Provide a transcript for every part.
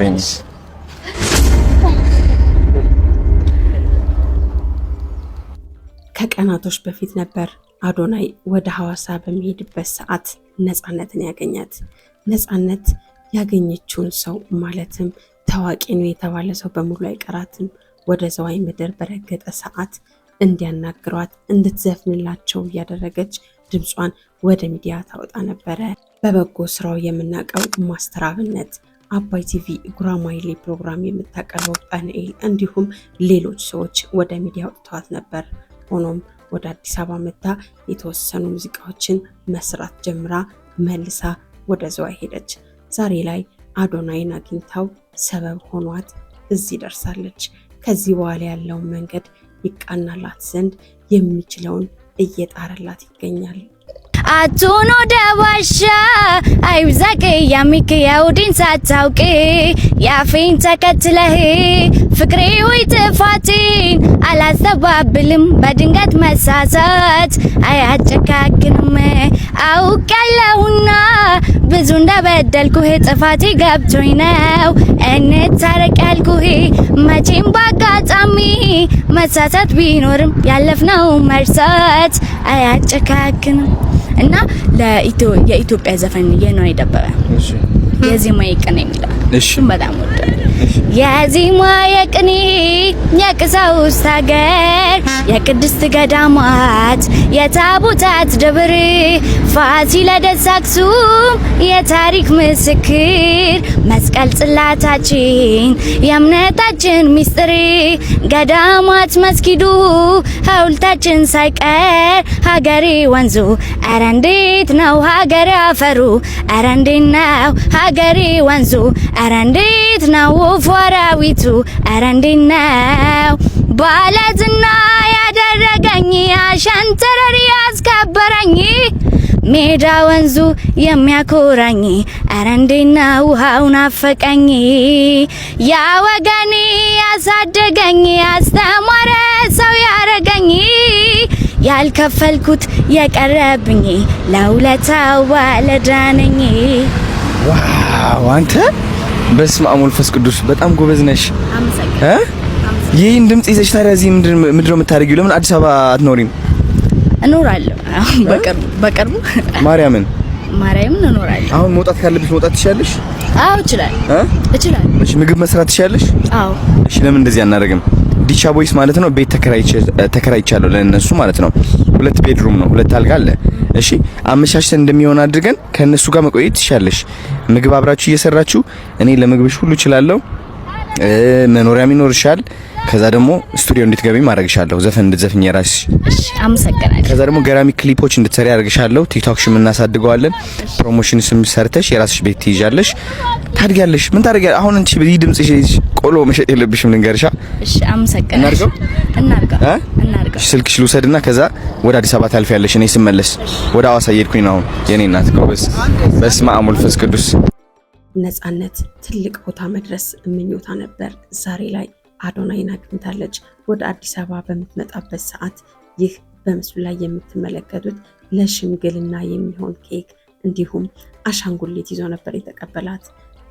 Deniz. ከቀናቶች በፊት ነበር አዶናይ ወደ ሐዋሳ በሚሄድበት ሰዓት ነፃነትን ያገኛት። ነፃነት ያገኘችውን ሰው ማለትም ታዋቂ ነው የተባለ ሰው በሙሉ አይቀራትም። ወደ ዘዋይ ምድር በረገጠ ሰዓት እንዲያናግሯት እንድትዘፍንላቸው እያደረገች ድምጿን ወደ ሚዲያ ታወጣ ነበረ። በበጎ ስራው የምናውቀው ማስተር አብነት አባይ ቲቪ ጉራማይሌ ፕሮግራም የምታቀርበው ጣንኤል እንዲሁም ሌሎች ሰዎች ወደ ሚዲያ አውጥተዋት ነበር። ሆኖም ወደ አዲስ አበባ መታ የተወሰኑ ሙዚቃዎችን መስራት ጀምራ መልሳ ወደ ዘዋ ሄደች። ዛሬ ላይ አዶናይን አግኝታው ሰበብ ሆኗት እዚህ ደርሳለች። ከዚህ በኋላ ያለውን መንገድ ይቃናላት ዘንድ የሚችለውን እየጣረላት ይገኛል። አቱን ወደ ዋሻ አይብዛቅ ያሚክየውዲን ሳታውቂ ያፌን ተከትለህ ፍቅሬ ወይ ጥፋቴን አላስተባብልም። በድንገት መሳሳት አያጨካክንም አውቃለሁና ብዙ እንደበደልኩህ ጥፋቴ ገብቶኝ ነው እንታረቅ ያልኩህ መቼም በአጋጣሚ መሳሳት ቢኖርም ያለፍነው መርሳት አያጨካክንም። እና የኢትዮጵያ ዘፈን የነዋይ ደበበ የዜማ ይቅን የሚለው እሱም በጣም ወደ የዜማ የቅኔ የቀሳውስት ሀገር የቅድስት ገዳማት የታቦታት ደብር ፋሲለደስ አክሱም የታሪክ ምስክር መስቀል ጽላታችን የእምነታችን ሚስጥር ገዳማት መስጊዱ ሐውልታችን ሳይቀር ሀገሬ ወንዙ እረ እንዴት ነው ሀገሬ አፈሩ ኧረ እንዴት ነው ሀገሬ ወንዙ ኧረ እንዴት ነው ሰራዊቱ ኧረ እንዴት ነው ባለዝና ያደረገኝ አሸንተረሪ ያስከበረኝ ሜዳ ወንዙ የሚያኮራኝ ኧረ እንዴት ነው ውሃው አፈቀኝ ያ ወገኔ ያሳደገኝ ያስተማረ ሰው ያረገኝ ያልከፈልኩት የቀረብኝ ለውለታው ባለዳነኝ ዋው አንተ በስመ አብ ወመንፈስ ቅዱስ በጣም ጎበዝ ነሽ። ይህን ድምጽ ይዘሽ ታዲያ እዚህ ምንድን ነው የምታደርጊው? ለምን አዲስ አበባ አትኖሪም? እኖራለሁ። በቅርቡ ማርያምን ማርያምን እኖራለሁ። አሁን መውጣት ካለብሽ መውጣት ትችያለሽ? አዎ እችላለሁ እ እችላለሁ እሺ። ምግብ መስራት ትችያለሽ? አዎ እሺ። ለምን እንደዚህ አናደርግም? ዲቻ ቦይስ ማለት ነው ቤት ተከራይቻለሁ ለእነሱ ማለት ነው። ሁለት ቤድሩም ነው፣ ሁለት አልጋ አለ እሺ አመቻችተን እንደሚሆን አድርገን ከነሱ ጋር መቆየት ትሻለሽ። ምግብ አብራችሁ እየሰራችሁ እኔ ለምግብሽ ሁሉ እችላለሁ። መኖሪያ ይኖርሻል። ከዛ ደግሞ ስቱዲዮ እንድትገቢ ማድረግሻለሁ። ዘፈን እንድትዘፍኝ የራስሽ። አመሰግናለሁ። ከዛ ደግሞ ገራሚ ክሊፖች እንድትሰሪ አድርግሻለሁ። ቲክቶክሽም እናሳድገዋለን። ፕሮሞሽንስም ሰርተሽ የራስሽ ቤት ትይዣለሽ፣ ታድጊያለሽ። ምን ታደርጊያለሽ? አሁን አንቺ በዚህ ድምጽሽ ቆሎ መሸጥ የለብሽም። ልንገርሻ። እሺ፣ አመሰግናለሁ። እናድርገው፣ እናድርገው። ስልክሽ ልውሰድና ከዛ ወደ አዲስ አበባ ታልፊያለሽ። እኔ ስመለስ ወደ አዋሳ እየሄድኩኝ ነው አሁን። የኔ እናት፣ በስመ አብ ወልፈስ ቅዱስ ነፃነት ትልቅ ቦታ መድረስ ምኞታ ነበር። ዛሬ ላይ አዶናይን አግኝታለች። ወደ አዲስ አበባ በምትመጣበት ሰዓት ይህ በምስሉ ላይ የምትመለከቱት ለሽምግልና የሚሆን ኬክ እንዲሁም አሻንጉሊት ይዞ ነበር የተቀበላት።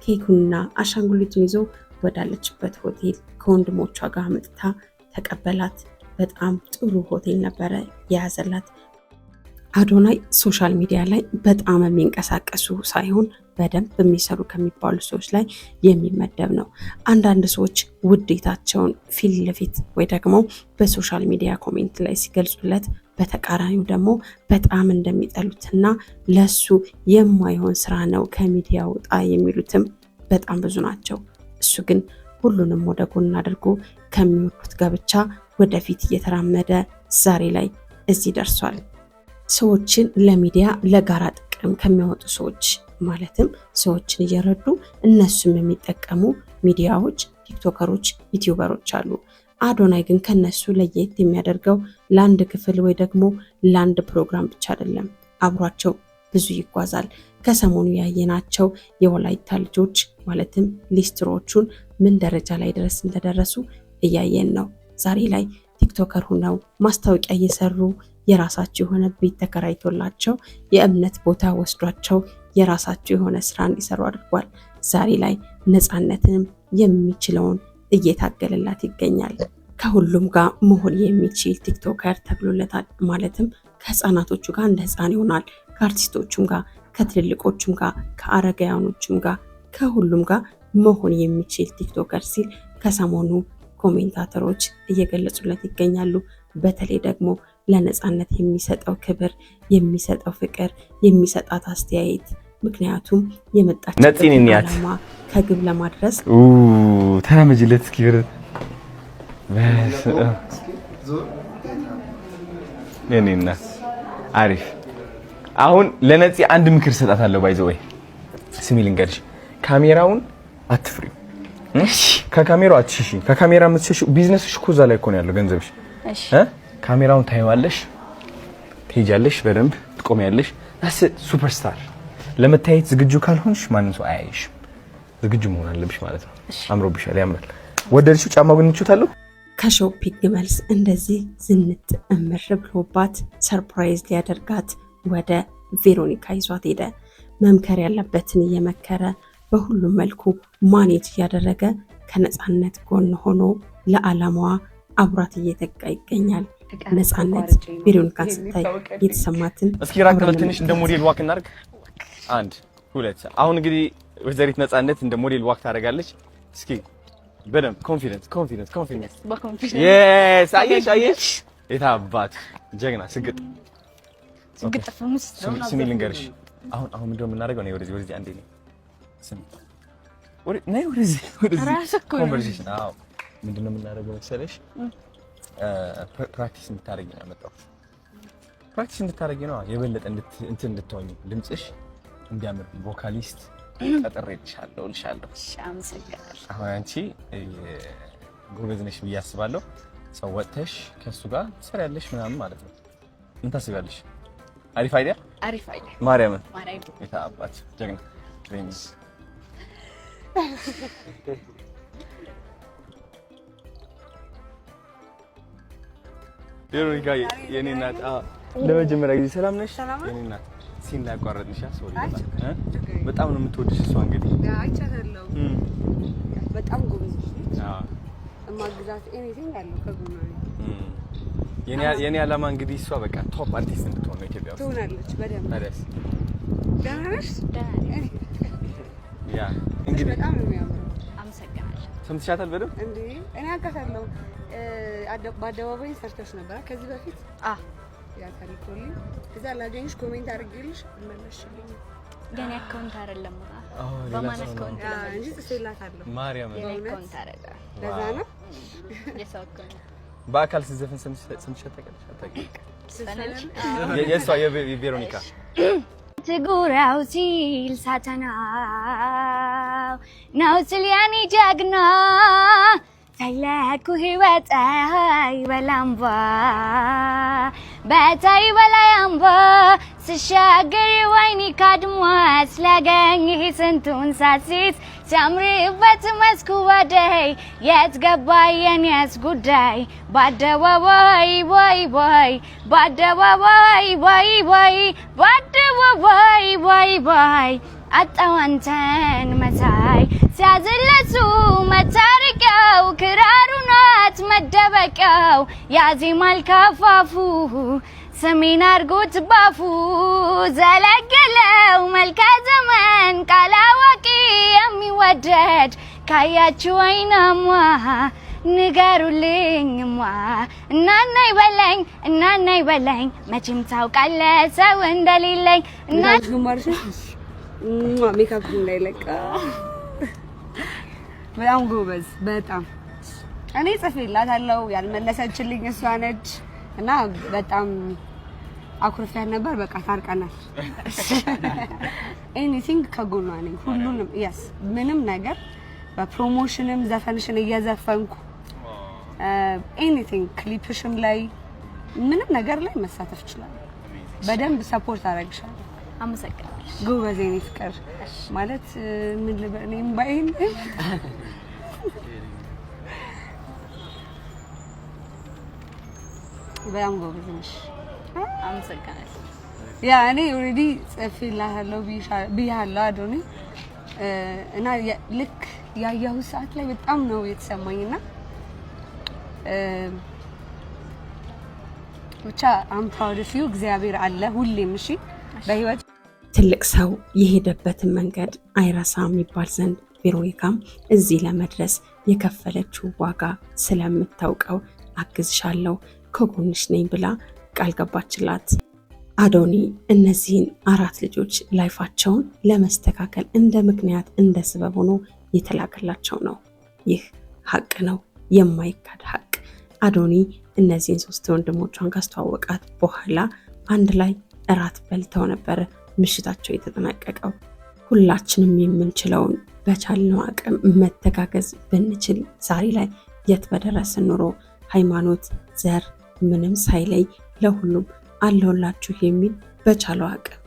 ኬኩንና አሻንጉሊቱን ይዞ ወዳለችበት ሆቴል ከወንድሞቿ ጋር መጥታ ተቀበላት። በጣም ጥሩ ሆቴል ነበረ የያዘላት። አዶናይ ሶሻል ሚዲያ ላይ በጣም የሚንቀሳቀሱ ሳይሆን በደንብ የሚሰሩ ከሚባሉ ሰዎች ላይ የሚመደብ ነው። አንዳንድ ሰዎች ውዴታቸውን ፊት ለፊት ወይ ደግሞ በሶሻል ሚዲያ ኮሜንት ላይ ሲገልጹለት፣ በተቃራኒው ደግሞ በጣም እንደሚጠሉትና ለሱ የማይሆን ስራ ነው ከሚዲያ ውጣ የሚሉትም በጣም ብዙ ናቸው። እሱ ግን ሁሉንም ወደ ጎን አድርጎ ከሚወዱት ጋብቻ ወደፊት እየተራመደ ዛሬ ላይ እዚህ ደርሷል። ሰዎችን ለሚዲያ ለጋራ ጥቅም ከሚያወጡ ሰዎች ማለትም ሰዎችን እየረዱ እነሱም የሚጠቀሙ ሚዲያዎች፣ ቲክቶከሮች፣ ዩቲዩበሮች አሉ። አዶናይ ግን ከነሱ ለየት የሚያደርገው ለአንድ ክፍል ወይ ደግሞ ለአንድ ፕሮግራም ብቻ አይደለም፣ አብሯቸው ብዙ ይጓዛል። ከሰሞኑ ያየናቸው የወላይታ ልጆች ማለትም ሊስትሮቹን ምን ደረጃ ላይ ድረስ እንደደረሱ እያየን ነው ዛሬ ላይ ቲክቶከር ሆነው ማስታወቂያ እየሰሩ የራሳቸው የሆነ ቤት ተከራይቶላቸው የእምነት ቦታ ወስዷቸው የራሳቸው የሆነ ስራ እንዲሰሩ አድርጓል። ዛሬ ላይ ነፃነትንም የሚችለውን እየታገለላት ይገኛል። ከሁሉም ጋር መሆን የሚችል ቲክቶከር ተብሎለታል። ማለትም ከህፃናቶቹ ጋር እንደ ህፃን ይሆናል። ከአርቲስቶቹም ጋር፣ ከትልልቆቹም ጋር፣ ከአረጋያኖቹም ጋር፣ ከሁሉም ጋር መሆን የሚችል ቲክቶከር ሲል ከሰሞኑ ኮሜንታተሮች እየገለጹለት ይገኛሉ። በተለይ ደግሞ ለነፃነት የሚሰጠው ክብር፣ የሚሰጠው ፍቅር፣ የሚሰጣት አስተያየት ምክንያቱም የመጣችበትን ዓላማ ከግብ ለማድረስ ተራመጅለት እስኪብር እኔና አሪፍ አሁን ለነፂ አንድ ምክር ሰጣታለሁ። ባይዘ ወይ ስሚ ልንገርሽ፣ ካሜራውን አትፍሪው ከካሜራው አትሽሺ። ከካሜራ የምትሸሽ ቢዝነስሽ እኮ እዛ ላይ እኮ ነው ያለው ገንዘብሽ። ካሜራውን ታይዋለሽ፣ ትሄጃለሽ፣ በደንብ ትቆሚያለሽ። ናስ ሱፐርስታር ለመታየት ዝግጁ ካልሆንሽ ማንም ሰው አያይሽም። ዝግጁ መሆን አለብሽ ማለት ነው። አምሮብሻል፣ ያምራል። ወደድሽው? ጫማ ግን ምቹታለሁ ከሾፒንግ መልስ እንደዚህ ዝንት እምር ብሎባት ሰርፕራይዝ ሊያደርጋት ወደ ቬሮኒካ ይዟት ሄደ። መምከር ያለበትን እየመከረ በሁሉም መልኩ ማኔጅ እያደረገ ከነፃነት ጎን ሆኖ ለዓላማዋ አብራት እየተቃ ይገኛል። ነፃነት ቬሮኒካን ስታይ የተሰማትን እስኪ ራቅ ትንሽ እንደ ሞዴል ዋክ እናርግ። አንድ ሁለት። አሁን እንግዲህ ወይዘሪት ነፃነት እንደ ሞዴል ዋክ ታደርጋለች። እስኪ በደምብ ኮንፊደንስ፣ ኮንፊደንስ፣ ኮንፊደንስ። የስ አየሽ፣ አየሽ፣ የታባት ጀግና ስግጥ ስግጥ። ፍሙስ ስሚ ልንገርሽ፣ አሁን አሁን ምንድን ነው የምናደርገው? ወደዚህ ወደዚህ፣ አንዴ ነው ኮንቨርሴሽን ምንድን ነው የምናደርገው መሰለሽ? ፕራክቲስ እንድታደርጊ ነው ያመጣሁት። ፕራክቲስ እንድታደርጊ ነው የበለጠ እንትን እንድትሆኝ ድምፅሽ እንዲያምር ቮካሊስት ቀጥሬልሻለሁ እልሻለሁ። አሁን አንቺ ጎበዝ ነሽ ብዬ አስባለሁ። ሰው ወጥተሽ ከእሱ ጋር ትሰሪያለሽ ምናምን ማለት ነው። ምን ታስቢያለሽ? አሪፍ አይዲያ ማርያምን የታባት ጀግና ቬሮኒካ የኔ እናት ለመጀመሪያ ጊዜ ሰላም ነሽ? የኔ እናት ሲናቋረጥንሻ ሶሪ። በጣም ነው የምትወድሽ እሷ እንግዲህ አይቻለሁ። በጣም ጎበዝ ነሽ። ኤኒቲንግ አለው ከጎኗ የኔ ዓላማ እንግዲህ እሷ በቃ ቶፕ አርቲስት እንድትሆን ነው ኢትዮጵያ ውስጥ ትሆናለች። በደምብ ደህና ነሽ? ደህና ነኝ። ያ እንግዲህ በጣም ነው የሚያምረው። አመሰግናለሁ። ሰምተሻታል በደምብ እንዴ? እኔ አውቃታለሁ። በአደባባይ ሰርተሽ ነበር ከዚህ በፊት? አዎ ያ እዛ ላገኝሽ ኮሜንት አድርጌልሽ አካውንት አይደለም በአካል የእሷ የቬሮኒካ હાથ ગોરાવશીલ साचनाव नावचल्याने जगना जायला कुहिवाचा हायवा लांबवा बॅचाई वाला आंब सशा गरी वाईनी काढ मसल्या गँग ही संतून सासीच ተምሪበት መስኩ ወደይ የት ገባ የኔስ ጉዳይ ባደባባይ ቦይ ቦይ ባደባባይ ቦይ ቦይ ባደባባይ ቦይ ቦይ አጣዋንተን መሳይ ሲያዝለሱ መታረቂያው ክራሩ ናት መደበቂያው ያዜማል ካፋፉ ሰሜን አርጎት ባፉ ዘለገለው መልከ ዘመን ቃል የሚወደድ ካያችሁ አይናማ ንገሩልኝማ እናና ይበለኝ እናና ይበለኝ መቼም ታውቃለ ሰው እንደሌለኝ ሜካፕ እንዳይለቃ በጣም ጎበዝ በጣም እኔ ጽፌላታለሁ ያልመለሰችልኝ እሷ ነች እና በጣም አኩርፊያት ነበር። በቃ ታርቀናል። ኤኒቲንግ ከጎኗ ነኝ። ሁሉንም የስ ምንም ነገር በፕሮሞሽንም ዘፈንሽን እየዘፈንኩ ኤኒቲንግ ክሊፕሽም ላይ ምንም ነገር ላይ መሳተፍ ይችላል። በደንብ ሰፖርት አደርግሻለሁ። አመሰግናለሁ። ጎበዝ የኔ ፍቅር ማለት ምን ልበል እኔም ባይን በጣም ጎበዝ ነሽ። አመሰግናለሁ። ያ እኔ ኦልሬዲ ጽፌልሃለሁ ብያለሁ አዶኒ እና ልክ ያየሁት ሰዓት ላይ በጣም ነው የተሰማኝ እና ብቻ አም ፕራውድ ኦፍ ዩ እግዚአብሔር አለ ሁሌም። እሺ በህይወት ትልቅ ሰው የሄደበትን መንገድ አይረሳም ይባል ዘንድ ቬሮኒካም እዚህ ለመድረስ የከፈለችው ዋጋ ስለምታውቀው አግዝሻለሁ፣ ከጎንሽ ነኝ ብላ ቃል ገባችላት። አዶኒ እነዚህን አራት ልጆች ላይፋቸውን ለመስተካከል እንደ ምክንያት እንደ ስበብ ሆኖ የተላከላቸው ነው። ይህ ሀቅ ነው፣ የማይካድ ሀቅ። አዶኒ እነዚህን ሶስት ወንድሞቿን ካስተዋወቃት በኋላ አንድ ላይ እራት በልተው ነበረ ምሽታቸው የተጠናቀቀው። ሁላችንም የምንችለውን በቻልነው አቅም መተጋገዝ ብንችል ዛሬ ላይ የት በደረስን ኑሮ ሃይማኖት፣ ዘር ምንም ሳይለይ ለሁሉም አለሁላችሁ የሚል በቻለው አቅም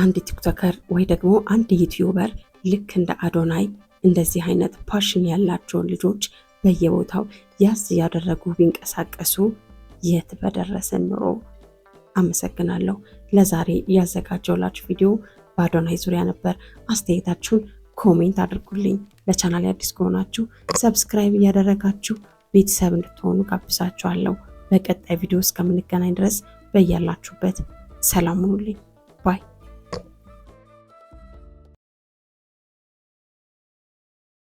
አንድ ቲክቶከር ወይ ደግሞ አንድ ዩቲዩበር ልክ እንደ አዶናይ እንደዚህ አይነት ፓሽን ያላቸውን ልጆች በየቦታው ያዝ እያደረጉ ቢንቀሳቀሱ የት በደረሰን ኑሮ። አመሰግናለሁ። ለዛሬ ያዘጋጀውላችሁ ቪዲዮ በአዶናይ ዙሪያ ነበር። አስተያየታችሁን ኮሜንት አድርጉልኝ። ለቻናል አዲስ ከሆናችሁ ሰብስክራይብ እያደረጋችሁ ቤተሰብ እንድትሆኑ ጋብዛችኋለሁ። በቀጣይ ቪዲዮ እስከምንገናኝ ድረስ በያላችሁበት ሰላም ሁኑልኝ።